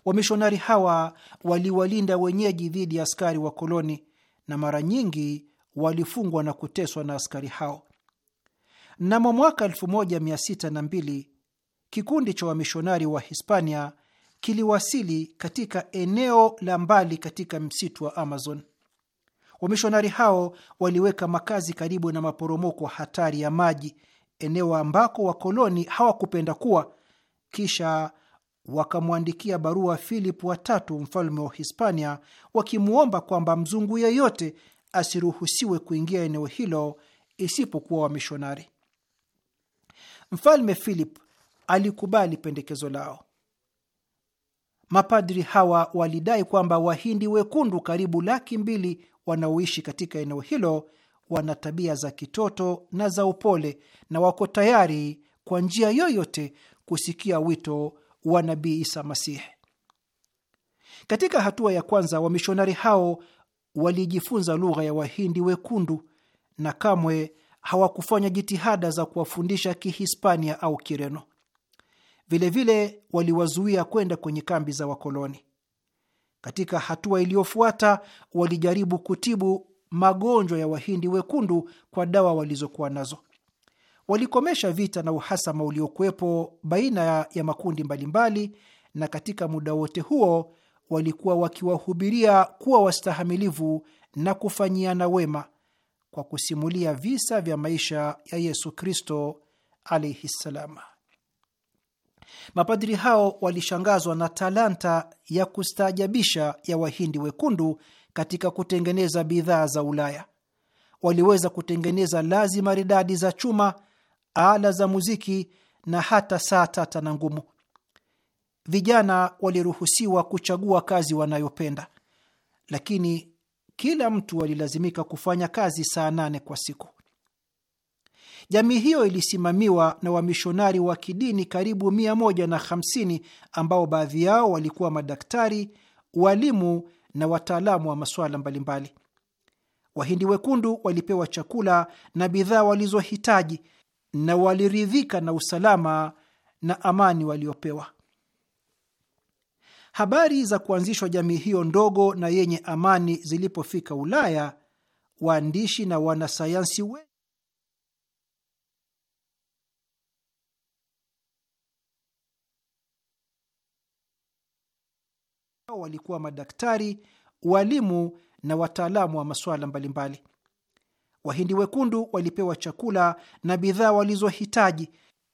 Wamishonari hawa waliwalinda wenyeji dhidi ya askari wakoloni na mara nyingi walifungwa na kuteswa na askari hao. Mnamo mwaka 1602 kikundi cha wamishonari wa Hispania kiliwasili katika eneo la mbali katika msitu wa Amazon. Wamishonari hao waliweka makazi karibu na maporomoko hatari ya maji, eneo ambako wakoloni hawakupenda kuwa, kisha wakamwandikia barua Philip watatu mfalme wa Hispania wakimwomba kwamba mzungu yeyote asiruhusiwe kuingia eneo hilo isipokuwa wamishonari. Mfalme Philip alikubali pendekezo lao. Mapadri hawa walidai kwamba Wahindi wekundu karibu laki mbili wanaoishi katika eneo hilo wana tabia za kitoto na za upole na wako tayari kwa njia yoyote kusikia wito wa Nabii Isa Masihi. Katika hatua ya kwanza, wamishonari hao walijifunza lugha ya Wahindi wekundu na kamwe hawakufanya jitihada za kuwafundisha Kihispania au Kireno. Vilevile waliwazuia kwenda kwenye kambi za wakoloni. Katika hatua iliyofuata, walijaribu kutibu magonjwa ya wahindi wekundu kwa dawa walizokuwa nazo. Walikomesha vita na uhasama uliokuwepo baina ya makundi mbalimbali, na katika muda wote huo walikuwa wakiwahubiria kuwa wastahamilivu na kufanyiana wema kwa kusimulia visa vya maisha ya Yesu Kristo alaihi ssalam. Mapadiri hao walishangazwa na talanta ya kustaajabisha ya Wahindi wekundu katika kutengeneza bidhaa za Ulaya. Waliweza kutengeneza lazi maridadi za chuma, ala za muziki na hata saa tata na ngumu. Vijana waliruhusiwa kuchagua kazi wanayopenda, lakini kila mtu alilazimika kufanya kazi saa nane kwa siku. Jamii hiyo ilisimamiwa na wamishonari wa kidini karibu 150 ambao baadhi yao walikuwa madaktari, walimu na wataalamu wa masuala mbalimbali. Wahindi wekundu walipewa chakula na bidhaa walizohitaji na waliridhika na usalama na amani waliopewa. Habari za kuanzishwa jamii hiyo ndogo na yenye amani zilipofika Ulaya, waandishi na wanasayansi we hao walikuwa madaktari, walimu na wataalamu wa masuala mbalimbali. Wahindi wekundu walipewa chakula na bidhaa walizohitaji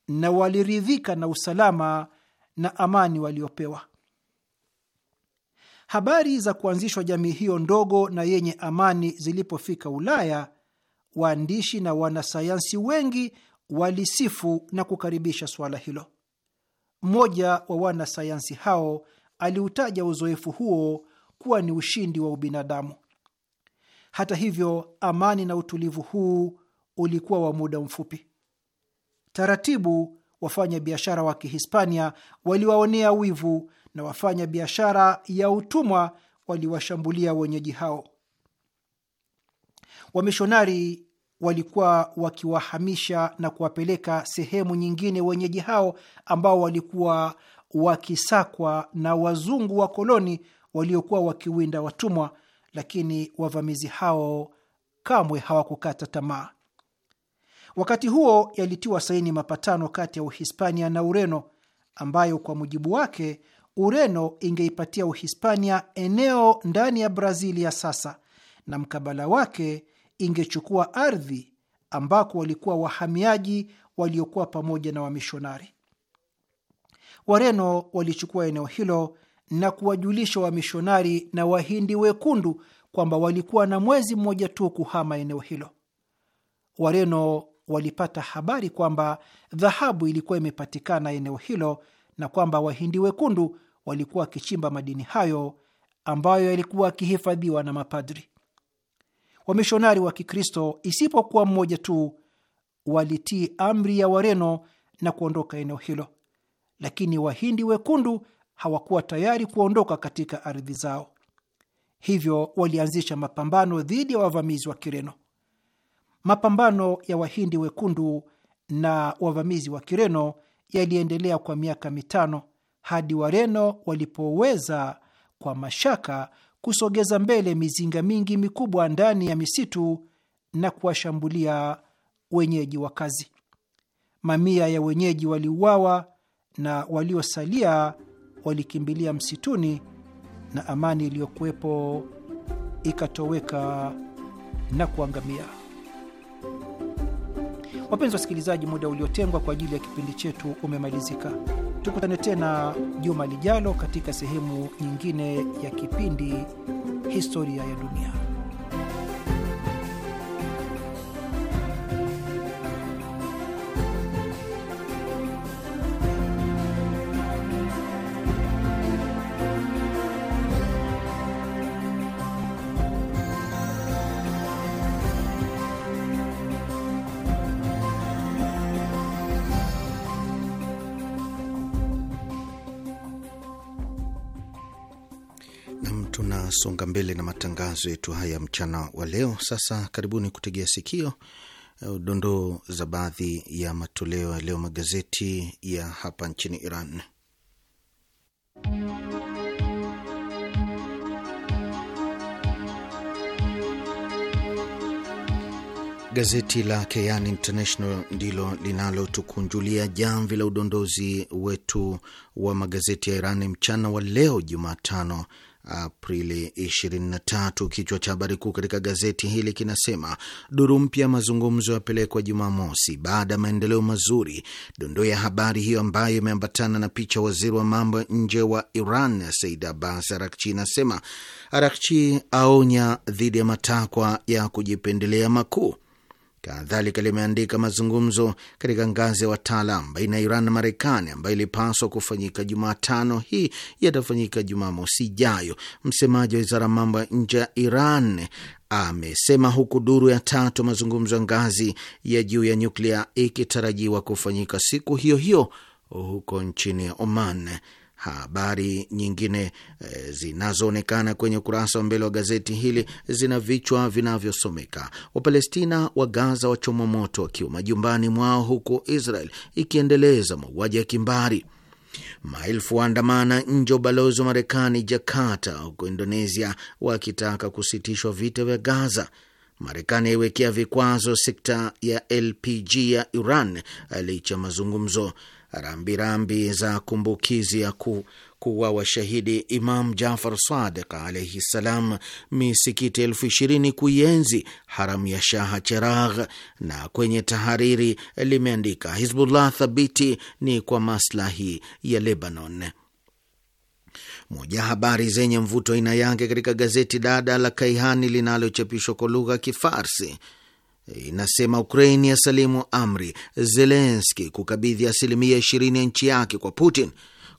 na waliridhika na usalama na amani waliopewa. Habari za kuanzishwa jamii hiyo ndogo na yenye amani zilipofika Ulaya, waandishi na wanasayansi wengi walisifu na kukaribisha suala hilo. Mmoja wa wanasayansi hao aliutaja uzoefu huo kuwa ni ushindi wa ubinadamu. Hata hivyo, amani na utulivu huu ulikuwa wa muda mfupi. Taratibu wafanya biashara wa Kihispania waliwaonea wivu na wafanya biashara ya utumwa waliwashambulia wenyeji hao. Wamishonari walikuwa wakiwahamisha na kuwapeleka sehemu nyingine wenyeji hao ambao walikuwa wakisakwa na wazungu wa koloni waliokuwa wakiwinda watumwa, lakini wavamizi hao kamwe hawakukata tamaa. Wakati huo yalitiwa saini mapatano kati ya Uhispania na Ureno ambayo kwa mujibu wake Ureno ingeipatia Uhispania eneo ndani ya Brazili ya sasa na mkabala wake ingechukua ardhi ambako walikuwa wahamiaji waliokuwa pamoja na wamishonari. Wareno walichukua eneo hilo na kuwajulisha wamishonari na Wahindi wekundu kwamba walikuwa na mwezi mmoja tu kuhama eneo hilo. Wareno walipata habari kwamba dhahabu ilikuwa imepatikana eneo hilo na kwamba Wahindi wekundu walikuwa wakichimba madini hayo ambayo yalikuwa akihifadhiwa na mapadri. Wamishonari wa Kikristo, isipokuwa mmoja tu, walitii amri ya Wareno na kuondoka eneo hilo lakini Wahindi wekundu hawakuwa tayari kuondoka katika ardhi zao, hivyo walianzisha mapambano dhidi ya wavamizi wa Kireno. Mapambano ya Wahindi wekundu na wavamizi wa Kireno yaliendelea kwa miaka mitano hadi Wareno walipoweza kwa mashaka kusogeza mbele mizinga mingi mikubwa ndani ya misitu na kuwashambulia wenyeji wa kazi Mamia ya wenyeji waliuawa na waliosalia walikimbilia msituni na amani iliyokuwepo ikatoweka na kuangamia. Wapenzi wasikilizaji, muda uliotengwa kwa ajili ya kipindi chetu umemalizika. Tukutane tena juma lijalo katika sehemu nyingine ya kipindi Historia ya Dunia. tunasonga mbele na matangazo yetu haya mchana wa leo. Sasa karibuni kutegea sikio uh, dondoo za baadhi ya matoleo ya leo magazeti ya hapa nchini Iran. Gazeti la Kayhan International ndilo linalotukunjulia jamvi la udondozi wetu wa magazeti ya Iran mchana wa leo Jumatano Aprili 23. Kichwa cha habari kuu katika gazeti hili kinasema duru mpya mazungumzo yapelekwa Jumamosi baada ya maendeleo mazuri. Dondoo ya habari hiyo ambayo imeambatana na picha waziri wa mambo ya nje wa Iran Said Abbas Arakchi inasema Arakchi aonya dhidi ya matakwa ya kujipendelea makuu. Kadhalika limeandika mazungumzo katika ngazi ya wataalam baina ya Iran na Marekani ambayo ilipaswa kufanyika Jumatano hii yatafanyika Jumamosi ijayo. Msemaji wa wizara ya mambo ya nje ya Iran amesema huku duru ya tatu mazungumzo ya ngazi ya juu ya nyuklia ikitarajiwa kufanyika siku hiyo hiyo huko nchini Oman. Habari nyingine e, zinazoonekana kwenye ukurasa wa mbele wa gazeti hili zina vichwa vinavyosomeka: Wapalestina wa Gaza wachoma moto wakiwa majumbani mwao, huku Israel ikiendeleza mauaji ya kimbari. Maelfu waandamana nje ya ubalozi wa Marekani Jakarta, huko Indonesia wakitaka kusitishwa vita vya Gaza. Marekani yaiwekea vikwazo sekta ya LPG ya Iran licha mazungumzo rambirambi za kumbukizi ya ku kuwa washahidi Imam Jafar Sadiq alaihi ssalam, misikiti elfu ishirini kuienzi haramu ya Shaha Cheragh. Na kwenye tahariri limeandika Hizbullah thabiti ni kwa maslahi ya Lebanon. Moja ya habari zenye mvuto aina yake katika gazeti dada la Kaihani linalochapishwa kwa lugha ya Kifarsi inasema Ukraini ya salimu amri Zelenski kukabidhi asilimia ishirini ya nchi yake kwa Putin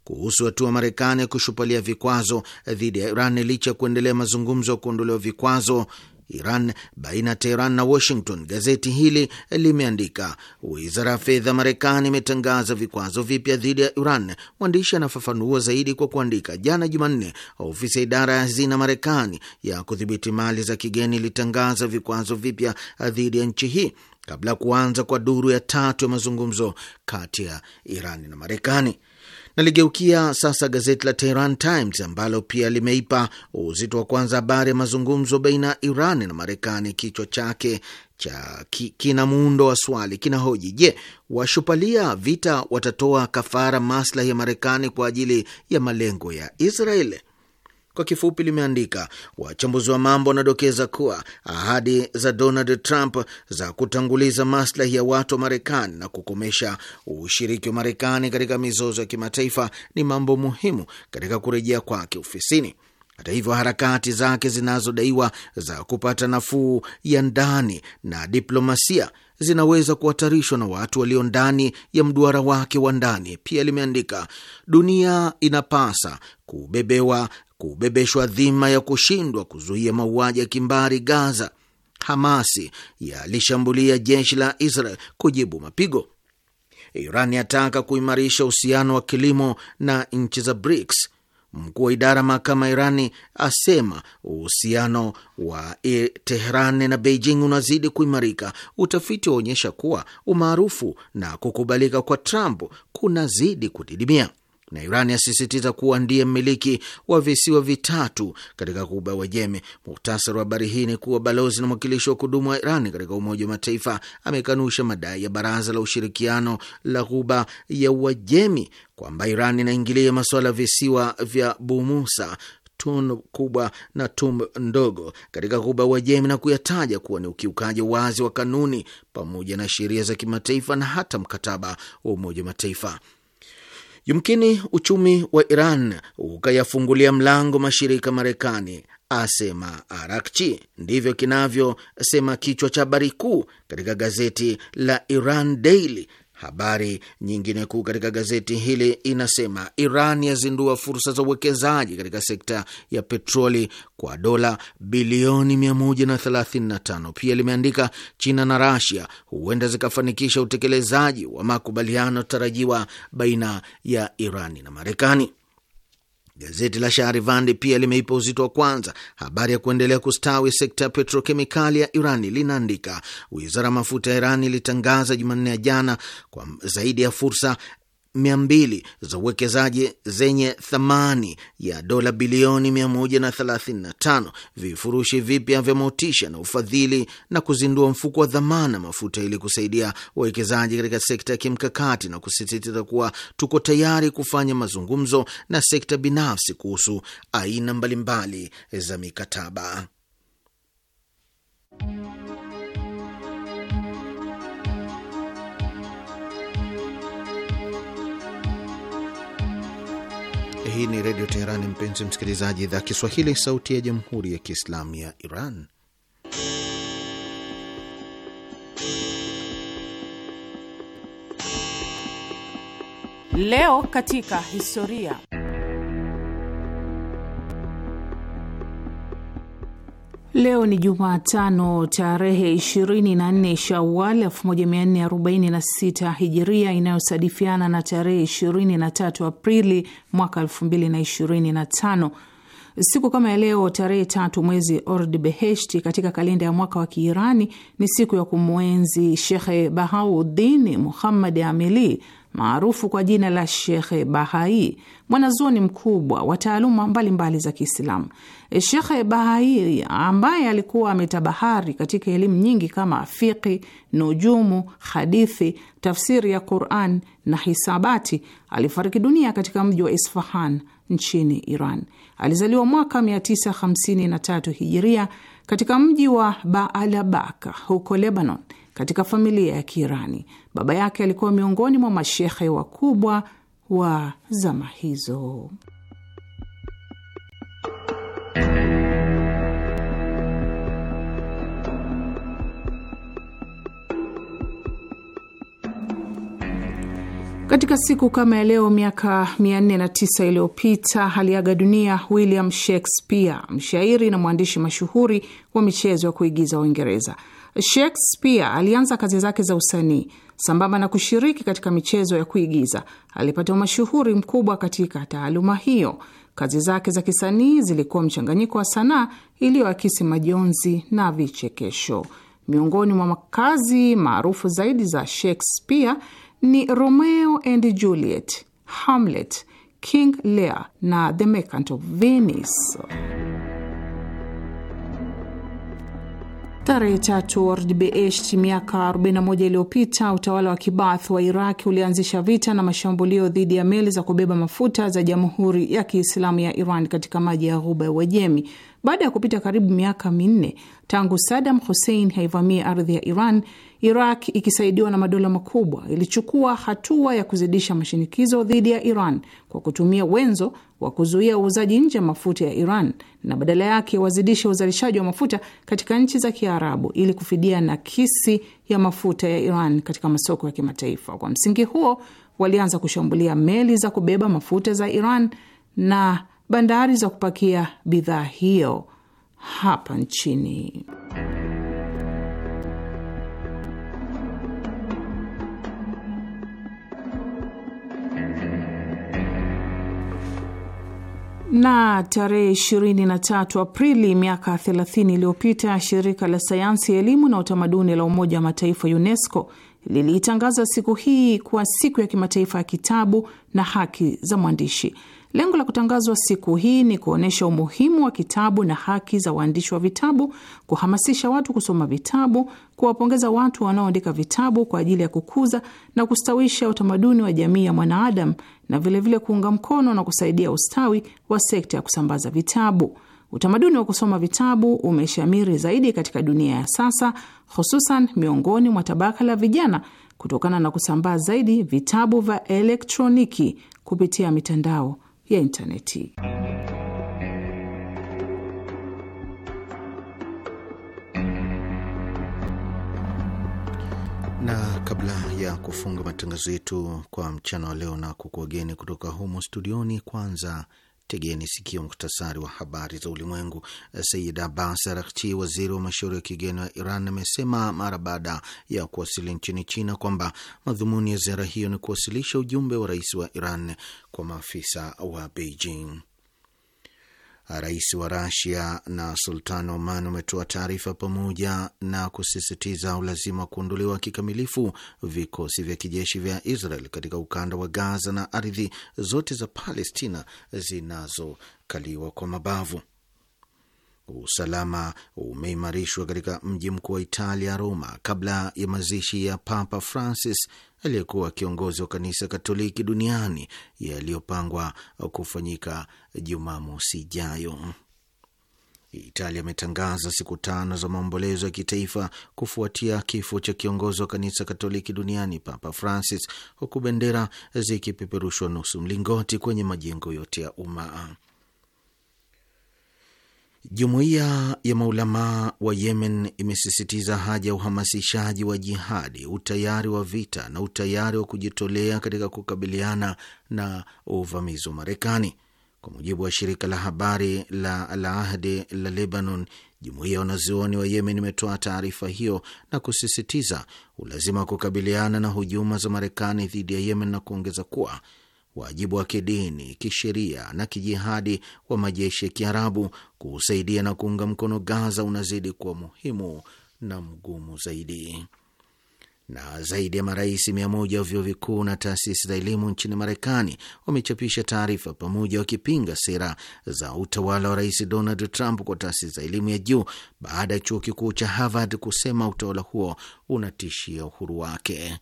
kuhusu hatua Marekani ya kushupalia vikwazo dhidi ya Iran licha ya kuendelea mazungumzo ya kuondolewa vikwazo Iran baina ya Teheran na Washington. Gazeti hili limeandika wizara ya fedha Marekani imetangaza vikwazo vipya dhidi ya Iran. Mwandishi anafafanua zaidi kwa kuandika, jana Jumanne, ofisi ya idara ya hazina Marekani ya kudhibiti mali za kigeni ilitangaza vikwazo vipya dhidi ya nchi hii kabla ya kuanza kwa duru ya tatu ya mazungumzo kati ya Iran na Marekani. Naligeukia sasa gazeti la Tehran Times ambalo pia limeipa uzito wa kwanza habari ya mazungumzo baina ya Iran na Marekani. Kichwa chake cha ki, kina muundo wa swali, kina hoji: Je, washupalia vita watatoa kafara maslahi ya Marekani kwa ajili ya malengo ya Israeli? kwa kifupi limeandika. Wachambuzi wa mambo wanadokeza kuwa ahadi za Donald Trump za kutanguliza maslahi ya watu wa Marekani na kukomesha ushiriki wa Marekani katika mizozo ya kimataifa ni mambo muhimu katika kurejea kwake ofisini. Hata hivyo harakati zake zinazodaiwa za kupata nafuu ya ndani na diplomasia zinaweza kuhatarishwa na watu walio ndani ya mduara wake wa ndani. Pia limeandika dunia inapasa kubebewa kubebeshwa dhima ya kushindwa kuzuia mauaji ya kimbari Gaza. Hamasi yalishambulia jeshi la Israel kujibu mapigo. Iran yataka kuimarisha uhusiano wa kilimo na nchi za BRICS. Mkuu wa idara mahakama Irani asema uhusiano wa Teheran na Beijing unazidi kuimarika. Utafiti waonyesha kuwa umaarufu na kukubalika kwa Trump kunazidi kudidimia na Iran yasisitiza kuwa ndiye mmiliki wa visiwa vitatu katika Ghuba wajemi muktasari Muhtasari wa habari hii ni kuwa balozi na mwakilishi wa kudumu wa Iran katika Umoja wa Mataifa amekanusha madai ya Baraza la Ushirikiano la Ghuba ya Uajemi kwamba Iran inaingilia masuala ya visiwa vya Bumusa Tun kubwa na Tum ndogo katika ghuba Uajemi na kuyataja kuwa ni ukiukaji wazi wa kanuni pamoja na sheria za kimataifa na hata mkataba wa Umoja wa Mataifa. Yumkini uchumi wa Iran ukayafungulia mlango mashirika Marekani, asema Arakchi. Ndivyo kinavyosema kichwa cha habari kuu katika gazeti la Iran Daily Habari nyingine kuu katika gazeti hili inasema Iran yazindua fursa za uwekezaji katika sekta ya petroli kwa dola bilioni 135. Pia limeandika China na Rasia huenda zikafanikisha utekelezaji wa makubaliano tarajiwa baina ya Irani na Marekani. Gazeti la Shahrivand pia limeipa uzito wa kwanza habari ya kuendelea kustawi sekta ya petrokemikali ya Irani. Linaandika wizara ya mafuta ya Irani ilitangaza Jumanne ya jana kwa zaidi ya fursa mia mbili za uwekezaji zenye thamani ya dola bilioni 135, vifurushi vipya vya motisha na ufadhili, na kuzindua mfuko wa dhamana mafuta ili kusaidia wawekezaji katika sekta ya kimkakati, na kusisitiza kuwa tuko tayari kufanya mazungumzo na sekta binafsi kuhusu aina mbalimbali za mikataba. Hii ni Redio Teherani, mpenzi msikilizaji, idhaa Kiswahili, sauti ya Jamhuri ya Kiislamu ya Iran. Leo katika historia Leo ni Jumatano tarehe 24 Shawal 1446 Hijiria inayosadifiana na tarehe 23 Aprili mwaka 2025. Siku kama ya leo tarehe tatu mwezi Ord Beheshti katika kalenda ya mwaka wa Kiirani ni siku ya kumwenzi Shekhe Bahauddin Muhammad Amili maarufu kwa jina la Shekhe Bahai, mwanazuoni mkubwa wa taaluma mbalimbali za Kiislamu. E, Shekhe Bahairi ambaye alikuwa ametabahari katika elimu nyingi kama fiqi, nujumu, hadithi, tafsiri ya Quran na hisabati alifariki dunia katika mji wa Isfahan nchini Iran. Alizaliwa mwaka 953 hijiria katika mji wa Baalabaka huko Lebanon, katika familia ya Kiirani. Baba yake alikuwa miongoni mwa mashekhe wakubwa wa zama hizo. Katika siku kama ya leo miaka 409 iliyopita aliaga dunia William Shakespeare, mshairi na mwandishi mashuhuri wa michezo ya kuigiza Uingereza. Shakespeare alianza kazi zake za usanii sambamba na kushiriki katika michezo ya kuigiza. Alipata mashuhuri mkubwa katika taaluma hiyo. Kazi zake za kisanii zilikuwa mchanganyiko wa sanaa iliyoakisi majonzi na vichekesho. Miongoni mwa makazi maarufu zaidi za Shakespeare ni Romeo and Juliet, Hamlet, King Lear na The Merchant of Venice. Tarehe tatu Ordibehesht miaka 41 iliyopita utawala wa Kibath wa Iraki ulianzisha vita na mashambulio dhidi ya meli za kubeba mafuta za Jamhuri ya Kiislamu ya Iran katika maji ya Ghuba ya Uajemi. Baada ya kupita karibu miaka minne tangu Saddam Hussein haivamia ardhi ya Iran, Iraq ikisaidiwa na madola makubwa ilichukua hatua ya kuzidisha mashinikizo dhidi ya Iran kwa kutumia wenzo wa kuzuia uuzaji nje mafuta ya Iran na badala yake wazidishe uzalishaji wa mafuta katika nchi za Kiarabu ili kufidia nakisi ya mafuta ya Iran katika masoko ya kimataifa. Kwa msingi huo, walianza kushambulia meli za kubeba mafuta za Iran na bandari za kupakia bidhaa hiyo hapa nchini. Na tarehe 23 Aprili miaka 30 iliyopita, shirika la sayansi, elimu na utamaduni la Umoja wa Mataifa UNESCO liliitangaza siku hii kuwa siku ya kimataifa ya kitabu na haki za mwandishi. Lengo la kutangazwa siku hii ni kuonyesha umuhimu wa kitabu na haki za waandishi wa vitabu, kuhamasisha watu kusoma vitabu, kuwapongeza watu wanaoandika vitabu kwa ajili ya kukuza na kustawisha utamaduni wa jamii ya mwanaadamu, na vilevile kuunga mkono na kusaidia ustawi wa sekta ya kusambaza vitabu. Utamaduni wa kusoma vitabu umeshamiri zaidi katika dunia ya sasa, hususan miongoni mwa tabaka la vijana kutokana na kusambaa zaidi vitabu vya elektroniki kupitia mitandao ya intaneti. na kabla ya kufunga matangazo yetu kwa mchana wa leo na kukuageni kutoka humo studioni, kwanza Tegeni sikio muktasari wa habari za ulimwengu. Sayid Abbas Arakchi, waziri wa mashauri ya kigeni wa Iran, amesema mara baada ya kuwasili nchini China kwamba madhumuni ya ziara hiyo ni kuwasilisha ujumbe wa rais wa Iran kwa maafisa wa Beijing. Rais wa Rasia na Sultan Oman umetoa taarifa pamoja na kusisitiza ulazima wa kuondolewa kikamilifu vikosi vya kijeshi vya Israel katika ukanda wa Gaza na ardhi zote za Palestina zinazokaliwa kwa mabavu. Usalama umeimarishwa katika mji mkuu wa Italia, Roma, kabla ya mazishi ya Papa Francis aliyekuwa kiongozi wa kanisa Katoliki duniani yaliyopangwa kufanyika Jumamosi ijayo. Italia imetangaza siku tano za maombolezo ya kitaifa kufuatia kifo cha kiongozi wa kanisa Katoliki duniani Papa Francis, huku bendera zikipeperushwa nusu mlingoti kwenye majengo yote ya umma. Jumuiya ya maulamaa wa Yemen imesisitiza haja ya uhamasishaji wa jihadi, utayari wa vita na utayari wa kujitolea katika kukabiliana na uvamizi wa Marekani. Kwa mujibu wa shirika la habari la Al Ahdi la Lebanon, jumuiya ya wanazuoni wa Yemen imetoa taarifa hiyo na kusisitiza ulazima wa kukabiliana na hujuma za Marekani dhidi ya Yemen na kuongeza kuwa wajibu wa kidini, kisheria na kijihadi wa majeshi ya Kiarabu kuusaidia na kuunga mkono Gaza unazidi kuwa muhimu na mgumu zaidi. Na zaidi ya marais mia moja wa vyuo vikuu na taasisi za elimu nchini Marekani wamechapisha taarifa pamoja wakipinga sera za utawala wa rais Donald Trump kwa taasisi za elimu ya juu baada ya chuo kikuu cha Harvard kusema utawala huo unatishia uhuru wake.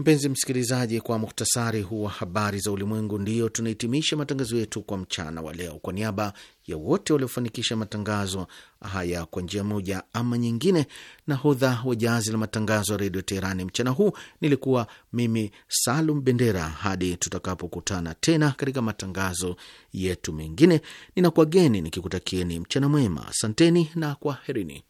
Mpenzi msikilizaji, kwa muhtasari huu wa habari za ulimwengu, ndiyo tunahitimisha matangazo yetu kwa mchana wa leo. Kwa niaba ya wote waliofanikisha matangazo haya kwa njia moja ama nyingine, na hudha wa jahazi la matangazo ya redio Teherani mchana huu nilikuwa mimi Salum Bendera. Hadi tutakapokutana tena katika matangazo yetu mengine, ninakuwageni nikikutakieni mchana mwema. Asanteni na kwaherini.